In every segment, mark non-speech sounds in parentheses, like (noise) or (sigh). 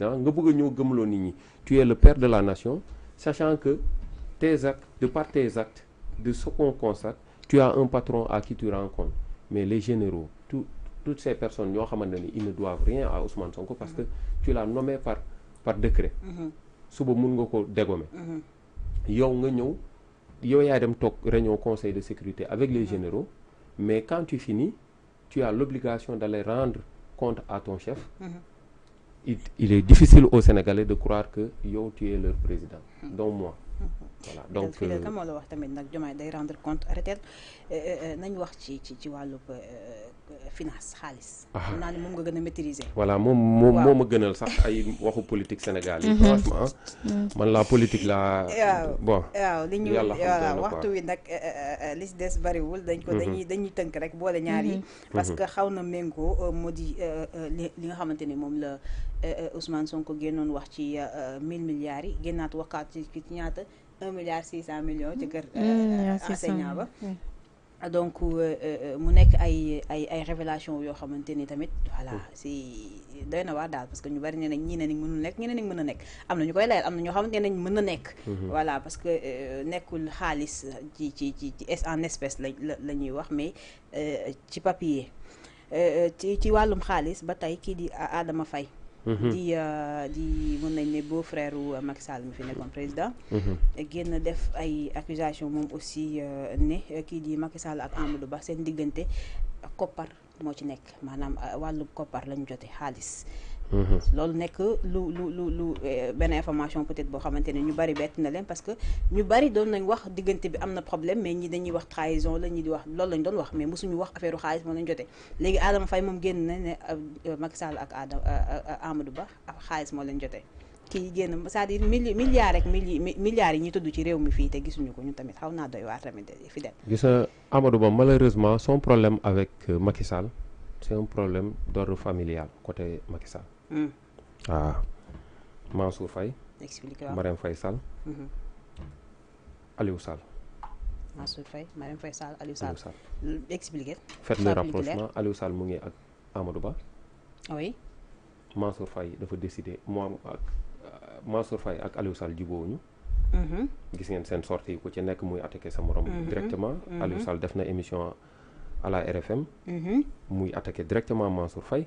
tu es le père de la nation sachant que tes actes de par tes actes de ce qu'on constate tu as un patron à qui tu rencontres mais les généraux toutes ces personnes ils ne doivent rien à Ousmane Sonko parce que mm-hmm. tu l'as nommé par par décret mm-hmm. suba mm-hmm. réunion conseil de sécurité avec les généraux mais quand tu finis tu as l'obligation d'aller rendre compte à ton chef il, est difficile aux Sénégalais de croire qu'ils ont tué leur président hum. dont moi hum, hum. donc comme euh, la wax tamit nag Diomaye day rendre compte euh, euh, finance xaalis. xam naa ne moom nga gën a maîtriser. voilà moom moom moo ma gënal sax ay waxu politique Sénégal yi. Mhm. man la politique la. waaw li ñu waaw waxtu wi nag eh, eh, eh, li si des bariwul. dañ ko mhm. dañuy dañuy tënk rek boole ñaar yi. Mhm. parce que xaw na méngoo euh, moo di euh, euh, li li nga xamante ni moom la Ousmane Sonko génnoon wax ci 1000 milliards yi génnaat waxaat ci ci ñaata 1 milliard 600 millions. ci kër enseignant ba. donc euh, euh, mu nek ay ay ay révélation yo xamanteni tamit voilà c'est mm. doyna na dal parce que ñu bari ne nak ñi ne ni mënu nek ñi ne nañ mën a nekk ñu koy layal amna na xamanteni nañ mm-hmm. voilà parce que euh, nekul khalis ci ci ci en espèce la la wax mais ci papier ci ci walum khalis ba tay ki di Adama fay Mm-hmm. di euh, di mën nañ ni beau frère u euh, Sall mi fi nekkoon président. Mm-hmm. génn def ay accusation moom aussi euh, ne kii di Macky Sall ak Amadou Ba seen diggante koppar moo ci nekk maanaam wàllu koppar lañu jote xaalis. Mm-hmm. loolu nek lu lu lu lu eh, benn information peut-être bo xamante ñu bari bet na len parce que ñu bari doon nañ wax digënté bi amna problème mais ñi dañuy wax trahison la ñi di wax loolu lañ doon wax mais mosuñu wax affaireu xaalis moom lañ jotee léegi Adama Faye moom génn na ne euh, euh, Macky Sall ak Adama euh, Amadou Ba ah, xaalis mo leen joté ki génn c'est-à-dire milliards rek milliards yi ñi tudd ci réew mi fi té gisunu ko ñun tamit xawna doy wa tamit eh, fi dem. gis nga Amadou Ba malheureusement son problème avec Macky Sall c'est un problème d'ordre familial côté Macky Sall. Hmm. Ah, Mansour Faye. expliqué Marème Faye Sall. Mhm. Aliou Sall. Mansour Faye Marème Faye Sall Aliou Sall. Expliquez. faites le rapprochement Aliou Sall mu avec ak Amadou Ba. oui. Mansour Faye dafa décidé moom ak euh, Mansour Faye ak Aliou Sall Vous mhm. gis c'est une sortie qui ci nek muy attaquer sa morom. Mhm. directement Aliou Sall def na émission à la RFM. muy attaqué directement Mansour Faye.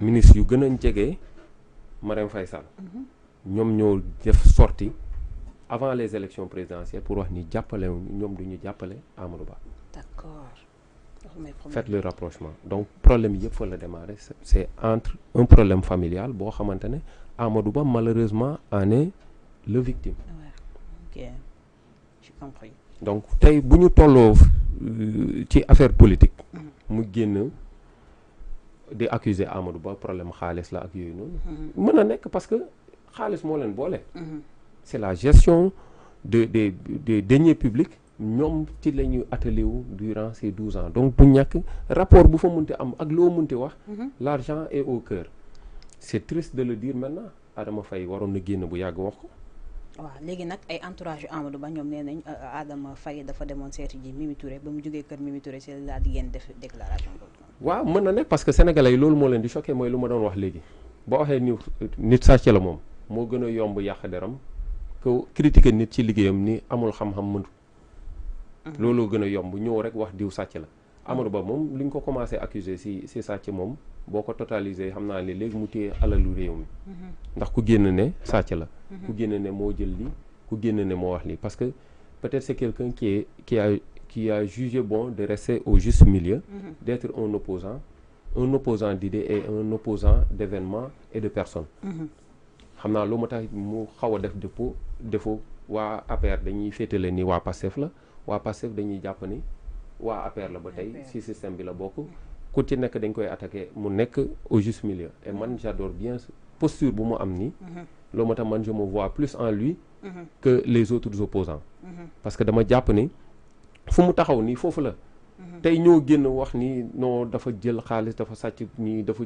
ministre yu gën a mariam Marème Faye Sall mhm. ñoo def avant les élections présidentielles pour wax ni jappalé ñom duñu jappalé d'accord. faites le rapprochement donc problème il faut la démarrer c'est entre un problème familial bo xamante Amadou Ba malheureusement en est le victime. ok je compris. donc tay vous avez une affaire politique. Mhm. mu génn di accuser Amadou Ba problème xaalis la ak yooyu non mhm. meuna nek parce que xaalis mo len c'est mhm. c'est la gestion de des des deniers publics ñom ci lañu ñuy wu durant ces 12 ans donc bu ñak rapport bu fa munti am ak lo munti wax. Mhm. l'argent est au cœur. c'est triste de le dire maintenant Adama Fay waroon na génn bu yag wax ko. waaw légui nak ay entourage à Amadou Ba ñoom nee euh, Adama Fay dafa demoon ji Mimi Touré ba mu kër Mimi Touré c'est la di génn def déclaration waaw mën na nekk parce que sénégalais yi loolu moo leen di choqué mooy lu ma doon wax léegi boo waxee ni nit sàcc la moom moo gën a yomb yàq deram que critiquer nit ci liggéeyam ni amul xam-xam mëntu mhm. looloo gën a yomb ñëw rek wax diw sàcc la Amadou Ba moom li ñu ko commencé accuser si si sàcc moom boo ko totalisé xam naa ni léegi mu téye alalu réew mi mhm. ndax ku génn ne sàcc la mhm. ku génn ne moo jël li ku génn ne moo wax lii parce que peut-être c'est quelqu'un qui a jugé bon de rester au juste milieu, mhm. d'être un opposant, un opposant d'idées et un opposant d'événements et de personnes. je le loolu moo tax mu xawa a def dépôt défaut wa APR dañuy féetale ni wa PASTEF la wa PASTEF dañuy japp ni wa APR la ba tey ci système bi la bokk ku ci Quand dañ koy attaqué mu nek au juste milieu et moi mhm. j'adore bien cette posture bu mu am mhm. je me vois plus en lui que les autres opposants parce que dama mon ni fu mu taxaw nii foofu la mhm. tey ñoo génn wax ni non dafa jël xaalis dafa sàcc nii dafa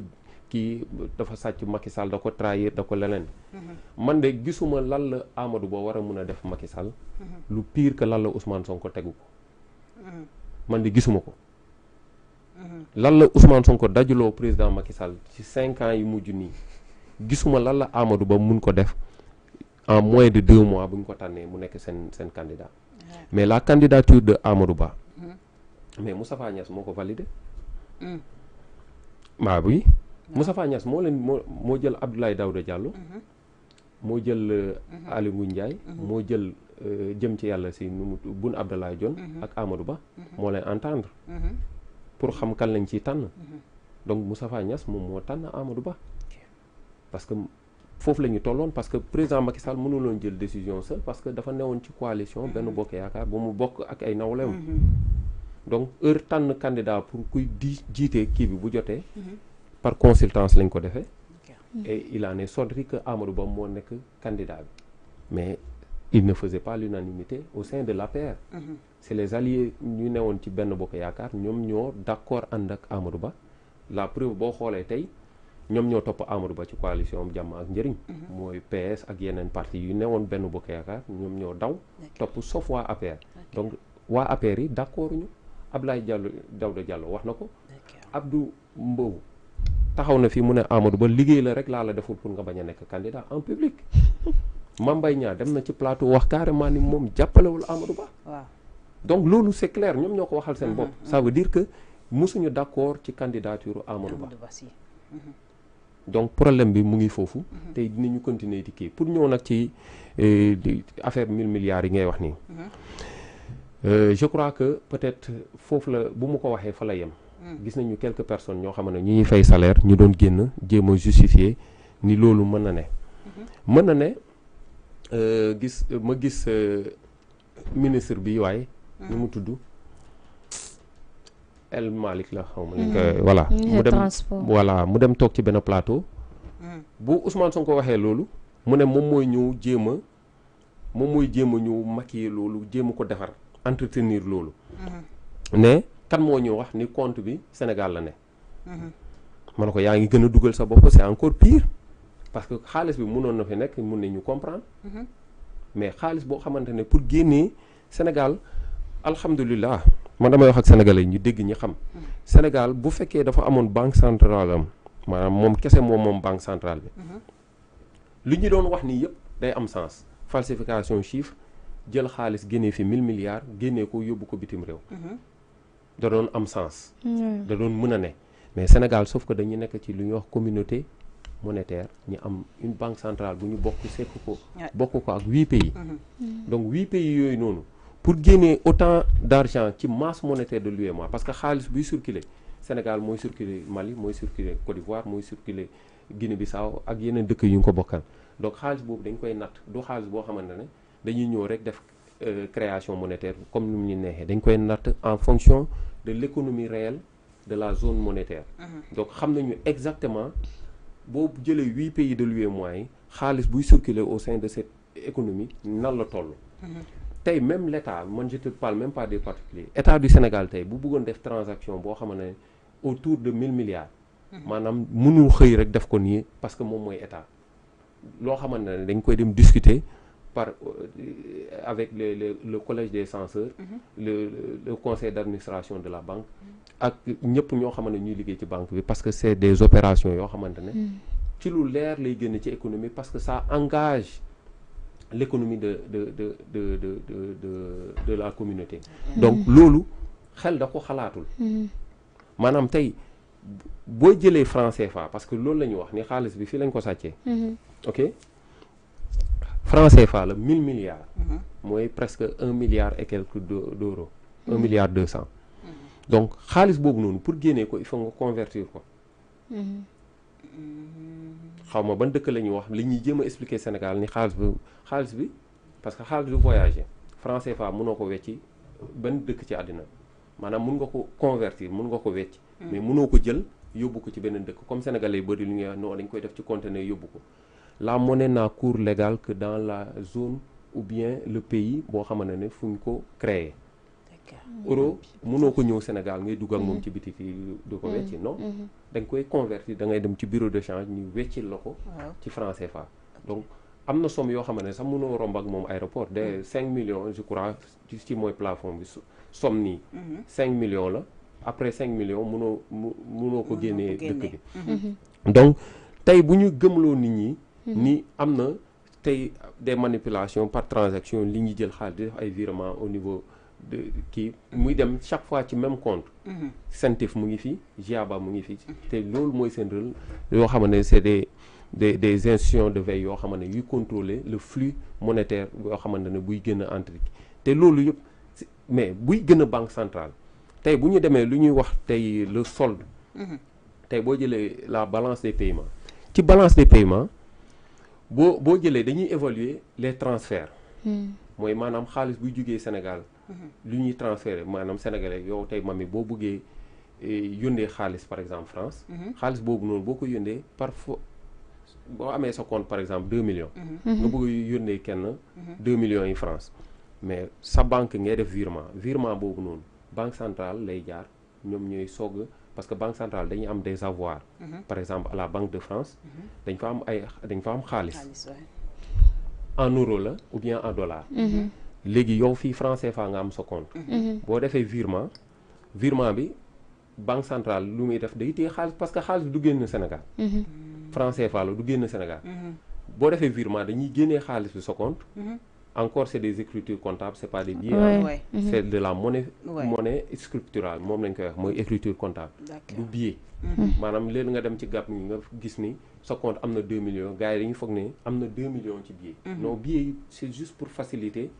kii dafa sàcc Macky Sall da ko trahir da ko leneen mhm. man de gisuma lan la Amadou Ba war a mën a def Macky Sall mhm. lu piir que lan la Ousmane ko tegu ko man de gisuma ko lan la Ousmane Sonko dajuloo président Macky Sall ci cinq yi mujj nii gisuma lan la Amadou Ba mun ko def en moins de deux mois bu ñu ko tànnee mu nekk seen seen candidat mais la candidature de Amadou mm-hmm. mais Moustapha Niass moo ko validé. maa mm. bah oui Moustapha Niass moo leen moo moo jël Abdoulaye Daouda Diallo. Mm-hmm. moo jël euh, mm-hmm. Aly Ngouille Ndiaye. moo jël euh, ci si Boun Abdallah John ak Amadou Ba. moo lay entendre. pour xam kan lañ ciy tànn. donc Moustapha Niass moom moo tànn parce que fof lañu nous parce que président Macky Sall mënuloon jël décision seul parce que dafa newoon ci coalition benn bokk yaakaar ba mu bokk ak ay nawleem mm-hmm. donc heure tànn candidat pour kuy jité ce qu'il bi bu mm-hmm. par consultance lañ ko défé mm-hmm. et il en est sorti que Amadou Ba mo nek candidat mais il ne faisait pas l'unanimité au sein de la l'APR c'est les alliés ñu newoon ci benn bokk yaakaar ñoom ñoo d'accord andak Amadou Ba la preuve bo xolé tay ñoom ñoo topp Amadou Ba ci coalition am ak njëriñ mhm. PS ak yeneen parti yu newoon benn bokk yaakaar ñoom ñoo daw topp sauf waa APR donc waa APR yi d'accord ñu Ablaye Diallo Daouda Diallo wax na ko Abdou Mbow taxaw na fi mu ne Amadou Ba liggéey la rek laa la deful pour nga bañ a candidat en public (laughs) Mame Mbaye Niang dem na ci plateau wax carrément ni moom jàppalewul Amadou Ba donc loolu c'est clair ñoom ñoo waxal seen mhm. bopp mhm. ça veut dire que d'accord ci candidature Amadou Ba donc problème bi mu ngi foofu tey dinañu continuer di kii pour ñëw nak ci euh affaire 1000 milliards yi ngay wax ni mhm. euh je crois que peut-être fofu la bu mu ko waxé fa la yem mhm. gis nañu quelques personnes ño xam ne ñu ñuy fay salaire ñu doon génn jéem a justifier ni lolu mëna né mhm. mëna né euh gis ma gis euh, ministre bi waaye ñu mu tuddu El Malick la xaw ma mm. euh, voilà mm. mu voilà mu dem toog ci benn plateau mm. bu Ousmane ko waxee loolu mu ne moom mooy ñëw jéema moom mooy jéem a ñëw maquiller loolu jéem a ko defar entretenir loolu mm-hmm. ne kan moo ñu wax ni compte bi Sénégal la ne mm-hmm. ma ne ko yaa ngi gën a dugal sa bopp c'est encore piir parce que xaalis bi mënoon na fi nekk mun nañu comprendre mm-hmm. mais xaalis boo xamante ne pour génnee Sénégal alhamdulilah man dama wax ak sénégalais ñu dégg ñi xam Sénégal bu fekkee dafa amoon banque centrale am maanaam moom kese moom moom banque centrale bi mhm. lu ñu doon wax ni yëpp day am sens falsification chiffre jël xaalis génnee fi 1000 milliards génnee ko yóbbu ko bitim réew mhm. da doon am sens da doon mën a ne mais Sénégal sauf que dañu nekk ci lu ñuy wax communauté monétaire ñu am une banque centrale bu ñu bokk sekk ko bokk ko ak huit pays mhm. mm. donc huit pays yooyu noonu pour gagner autant d'argent qui masse monétaire de l'UEMOA parce que Khalis, buy circuler Sénégal moy circuler Mali moy circuler Côte d'Ivoire moy circuler Guinée-Bissau ak yeneen dëkk yu ñu ko bokkal donc xaalis bobu dañ koy nat du xaalis bo xamante ne dañuy ñëw rek def euh, création monétaire comme nous mu ñu neexee dañ koy nat en fonction de l'économie réelle de la zone monétaire mhm. donc xam nañu exactement bobu jëlee 8 pays de l'UEMOA Khalis, bu buy circuler au sein de cette économie nan la toll mhm tay même l'État, moi je te parle même pas des particuliers état du Sénégal tay bu bëggone def transaction bo xam autour de 1000 milliards. manam mhm. mënul xey rek def ko ni parce que moom mooy état lo xamante dañ koy dem discuter par euh, avec le le le collège des censeurs. Mhm. le le conseil d'administration de la banque. Mhm. ak ñepp ñoo xamante ñuy liggéey ci banque bi parce que c'est des opérations yo xamante est ci lu leer lay gën ci économie parce que ça engage l'économie de, de, de, de, de, de, de, de la communauté. Mm-hmm. Donc, lolu xel da ko xalatul manam mm-hmm. tay bo jele français fa parce que lolu lañu wax ni xaliss bi fi lañ ko satché mm-hmm. OK français fa le 1000 milliards moy presque 1 milliard et quelques d'euros 1 milliard 200 donc xaliss bobu non pour guéné ko il faut nga convertir quoi xaw ma ban dëkk la ñuy wax li ñuy jéem a expliquer Sénégal ni xaalis bi xaalis bi parce que xaalis bi voyager français CFA mënoo ko wecci ban dëkk ci àddina maanaam mun nga ko convertir mun nga ko wecc hmm. mais mënoo ko jël yóbbu ko ci beneen dëkk comme sénégalais yi bëri lu ñuy non dañ koy def ci conteneur yóbbu ko la monnaie n'a cour légal que dans la zone ou bien le pays boo xamante ne fu ñu ko créer Mm. euro mënoo ko ñëw Sénégal ngay dugg ak mom ci non mm. mm-hmm. koy convertir da bureau de change ñu ci CFA donc amna somme aéroport de mm. millions je crois ci moy plafond mm-hmm. millions après 5 millions mëno mëno ko dëkk mm-hmm. donc tay ni des manipulations par transaction li ñi jël au niveau de qui muy dem chaque fois ci même compte. Centef mhm. mu ngi fi jiaba mu ngi fi. té lool moy sen rôle yo xam c'est des des des institutions de veille yo xam yu contrôler le flux monétaire yoo xamante ne buy gëna entre te loolu yëpp mais buy gëna banque centrale tay buñu démé luñuy wax tay le solde. Mhm. tay bo jëlee la balance des paiements ci balance des paiements bo bo jëlee dañuy évaluer les transferts. moy hmm. manam xaliss buy jugee Sénégal lu ñuy transféré maanaam sénégalais yow tey mami boo buggee eh, yóndee xaalis par exemple France mhm. xaalis boobu noonu boo ko Parfois, par boo sa compte par exemple deux millions mhm. Mhm. nga bëgg yónnee kenn deux millions en France mais sa banque ngay def virement virement boobu noonu banque centrale lay jaar ñoom ñooy sogg parce que banque centrale dañuy am des avoirs par exemple à la banque de France dañ fa am ay dañ fa am en euro ou bien en dollar léegi yow fii franc CFA nga am sa mhm. Mhm. boo defee virement virement bi banque centrale lu muy def day téye xaalis parce que xaalis du génn senegal mhm. franc CFA la du génn Sénégal. boo defee virement dañuy génnee xaalis bi sa encore c'est des écritures comptables c'est pas des billets mhm. c'est de la monnaie monnaie scripturale moom lañ koy wax écriture comptable du billet mhm. maanaam léegi nga dem ci gap, ni nga gis ni sa compte amna 2 millions gars yi ñu fogné amna 2 deux millions ci billet mhm. non billet c'est juste pour faciliter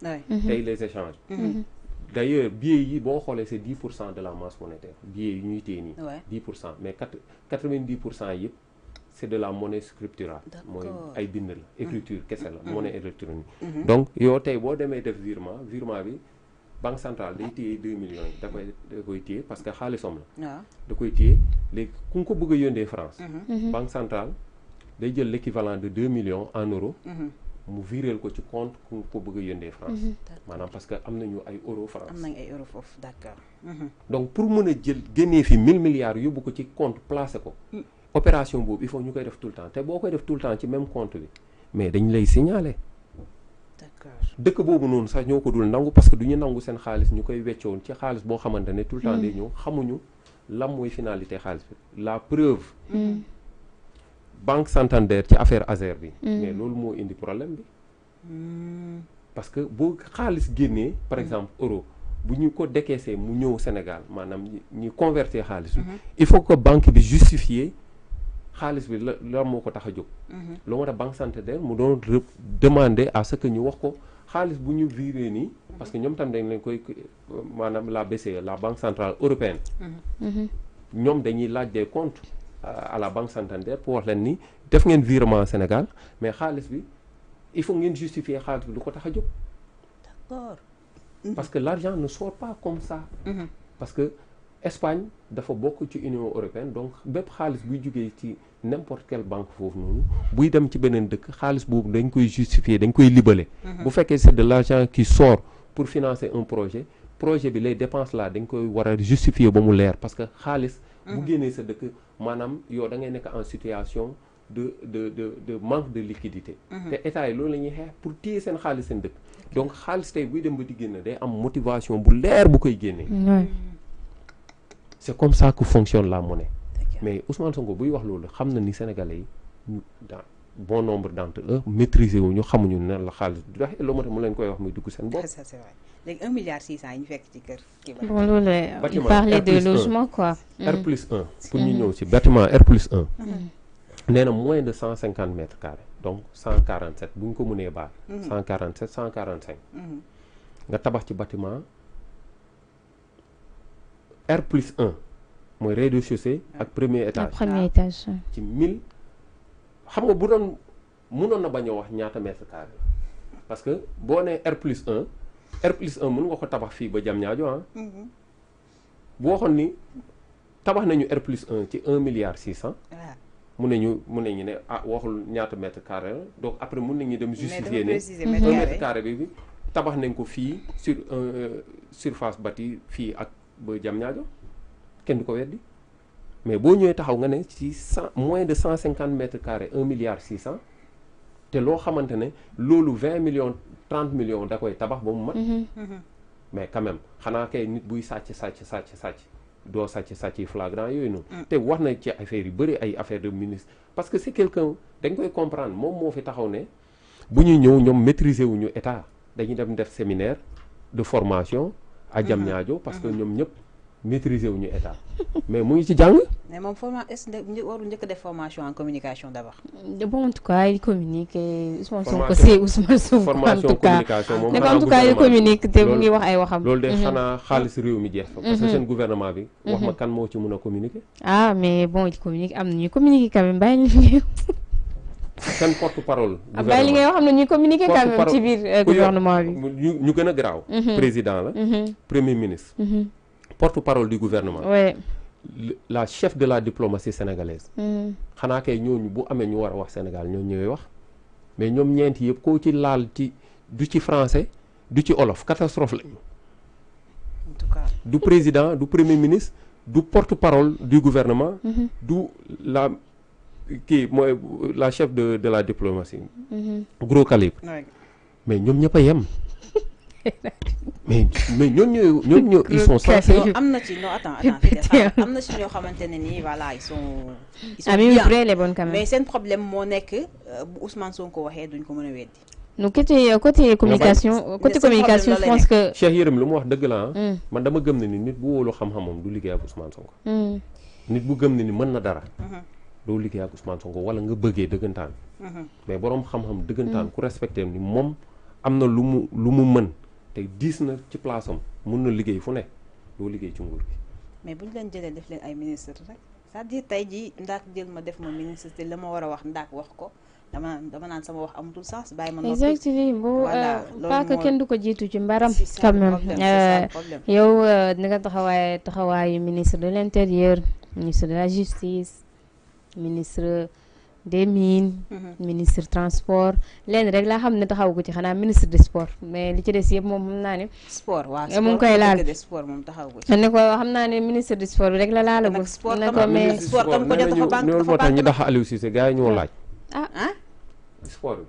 les échanges d'ailleurs billets yi boo c'est dix pour cent de la masse monétaire billets yi ñuy mais quatre quatre vingt c'est de la monnaie scripturale mooy ay écriture, mm. la ce mm. là monnaie électronique mm-hmm. donc si tey boo des def virement virement bi banque centrale day téye 2 millions yi da parce que c'est la da koy téye léegi ku nga ko bëgg a France mm-hmm. Mm-hmm. banque centrale day jël l'équivalent de 2 millions en euros mu viréel ko ci compte ku que ko bëgg a France maanaam parce que am des ay euro France am ay euro foofu d'accord donc pour mën a jël 1000 fi milliards vous ko ci compte placé ko mm opération il faut que tout le temps tout le temps ci même compte mais dañ lay signaler. d'accord dëkk sax ñoko dul nangu parce que du nangu sen ci tout le temps hmm. xamuñu la finalité la preuve. Hmm. banque Santander ci affaire Azer hmm. mais indi parce que guéné par exemple euro bu ñu ko décaisser mu Sénégal convertir il faut que banque de justifier xaalis bi la a mhm. banque santander mu demander à ce que ñu wax ko parce que la BCE la banque centrale européenne nous mhm. mhm. dañuy laaj des comptes à la banque pour Sénégal mais il faut justifier parce que l'argent ne sort pas comme ça parce que Espagne dafa bokk ci Union européenne donc bépp xaalis buy jugee ci n'importe quelle banque foofu noonu buy dem ci beneen dëkk xaalis boobu dañ koy justifier dañ koy libellé. Mhm. bu fekkee c'est de l'argent qui sort pour financer un projet projet bi les dépenses là dañ koy war a justifier ba mu leer parce que xaalis. bu mhm. génnee sa dëkk maanaam yow da ngay nekk en situation de de de de manque de liquidité. Mhm. te état yi loolu la ñuy xeex pour téye seen xaalis seen dëkk. donc xaalis tey buy dem ba di génn day am motivation bu leer bu koy génnee. C'est comme ça que fonctionne la monnaie. Mais Ousmane Sonko, si vous voulez que les Sénégalais, dans bon nombre d'entre eux, maîtrisent ou ne savent pas ce qu'ils que vous voulez dire, c'est c'est 1,6 milliard, c'est une qui Bon, vous de logement, quoi. R mm. plus 1, pour nous, mm. c'est bâtiment R plus 1. Nous avons moins de 150 mètres carrés. Donc 147, si vous voulez, 147, 145. Vous avez un bâtiment, R plus 1 mooy rez-de-chaussée et premier étage premier étage ci 1000 xam nga bu doon mënoon na bañ a wax ñaata mètre carré parce que boo nee R plus 1 R plus 1 mën nga ko tabax un ba jam ñaajo ah mhm. bu waxoon ni tabax nañu R plus 1 ci 1 milliard 600 mun nañu mun nañu ne ah waxul ñaata mètre carré donc après on peut dem justifier 1 mhm. mètre carré bi tabax nañ ko fii sur euh, surface bâtie fii ak ba jam ñaajo kenn du ko dit mais boo ñëwee taxaw nga ne ci moins de 150 mètres carrés 1 milliard 600 te loo xamante ne loulou 20 millions 30 millions da koy tabax ba mu mhm. Mhm. mais quand même xanaa kay nit buy sàcc sàcc sàcc sàcc doo sàcc sàcc flagrant yooyu noonu mm. te wax na ci affaire yu bëri ay affaire de ministre parce que c'est quelqu'un quelqu' un dañ koy comprendre moom moo fi taxaw ne bu ñu ñëw ñoom maitriser wuñu état dañuy dem def séminaire de formation à Diamniadio mhm. parce que mhm. ñoom ñëpp maîtriser wuñu état mais mu ngi ci jàng. mais moom formation est ce waru njëkk def formation en communication d' abord. bon en tout communique te mu ngi wax ay waxam. loolu de mhm. xanaa xaalis réew mi jeex fa. parce que seen gouvernement bi. wax ma kan moo ci mun a communiquer. ah mais bon communique am na ñuy communiquer quand même bàyyi nañu (laughs) seen porte-parole. gouvernement ah, Abdoulaye li ngay wax am na ñuy communiquer quand même ci biir euh, gouvernement bi. ñu ñu gën a garaaw. Mhm. président la. Mhm. premier ministre. Mhm. porte-parole du gouvernement. la chef de la diplomatie sénégalaise. xanaa kay ñooñu bu amee ñu war a wax Sénégal ñoo ñooy wax mais ñoom ñeenti yëpp koo ci laal ci du ci français du ci olof catastrophe lañu. en tout cas du président du premier ministre du porte-parole du gouvernement. du la qui moi la chef de de la diplomatie. Mhm. gros calibre. mais ñoom ñëpp a yem. (laughs) mais mais ñooñu ñooñu ñooñu ils sont censés. am ci non attends attends am na ci ñoo xamante ni voilà ils sont. ils sont bien mais c'est un problème moo nek euh, bu Ousmane Sonko waxé duñ ko mëna a nous côté euh, côté communication côté communication je pense que. Cheikh Yérim lu mu wax deug la ah. mm. man dama gëm ni nit bu wóolu xam-xamam du liggéey ak Ousmane Sonko. Mm. nit bu gëm ni mën na dara. Mhm. loo liggéey ak Ousmane Sonko wala nga bëggee dëggantaan. Mhm. mais borom xam-xam dëggantaan mhm. ku respecté ni moom am na lu mu lu mu mën te diis na ci place am mun na liggéey fu ne doo liggéey ci nguur gi. mais bu ñu leen jëlee def leen ay ministre rek sa à tey jii ndaak jël ma def ma ministre te la ma war a wax ndaak wax ko. dama dama naan sama wax amatul sens bàyyi ma noppi exactement euh, parce que kenn du ko jiitu ci mbaram quand même euh, yow di euh, nga taxawaaye taxawaayu ministre de l'intérieur ministre de la justice ministre des mines mhm. ministre transport leen rek laa xam ne taxaw ko ci xanaa ministre de sport mais li ci des yëpp moom xam naa ne sport waaw mu ngi koy laal sport moom taxaw ko ci ne ko xam naa ne ministre de sport bi rek la laala bu ne ko mais sport tam ko jot dafa bànk loolu moo tax ñu dax Aliou Cissé gars yi ñoo ah. laaj ah sport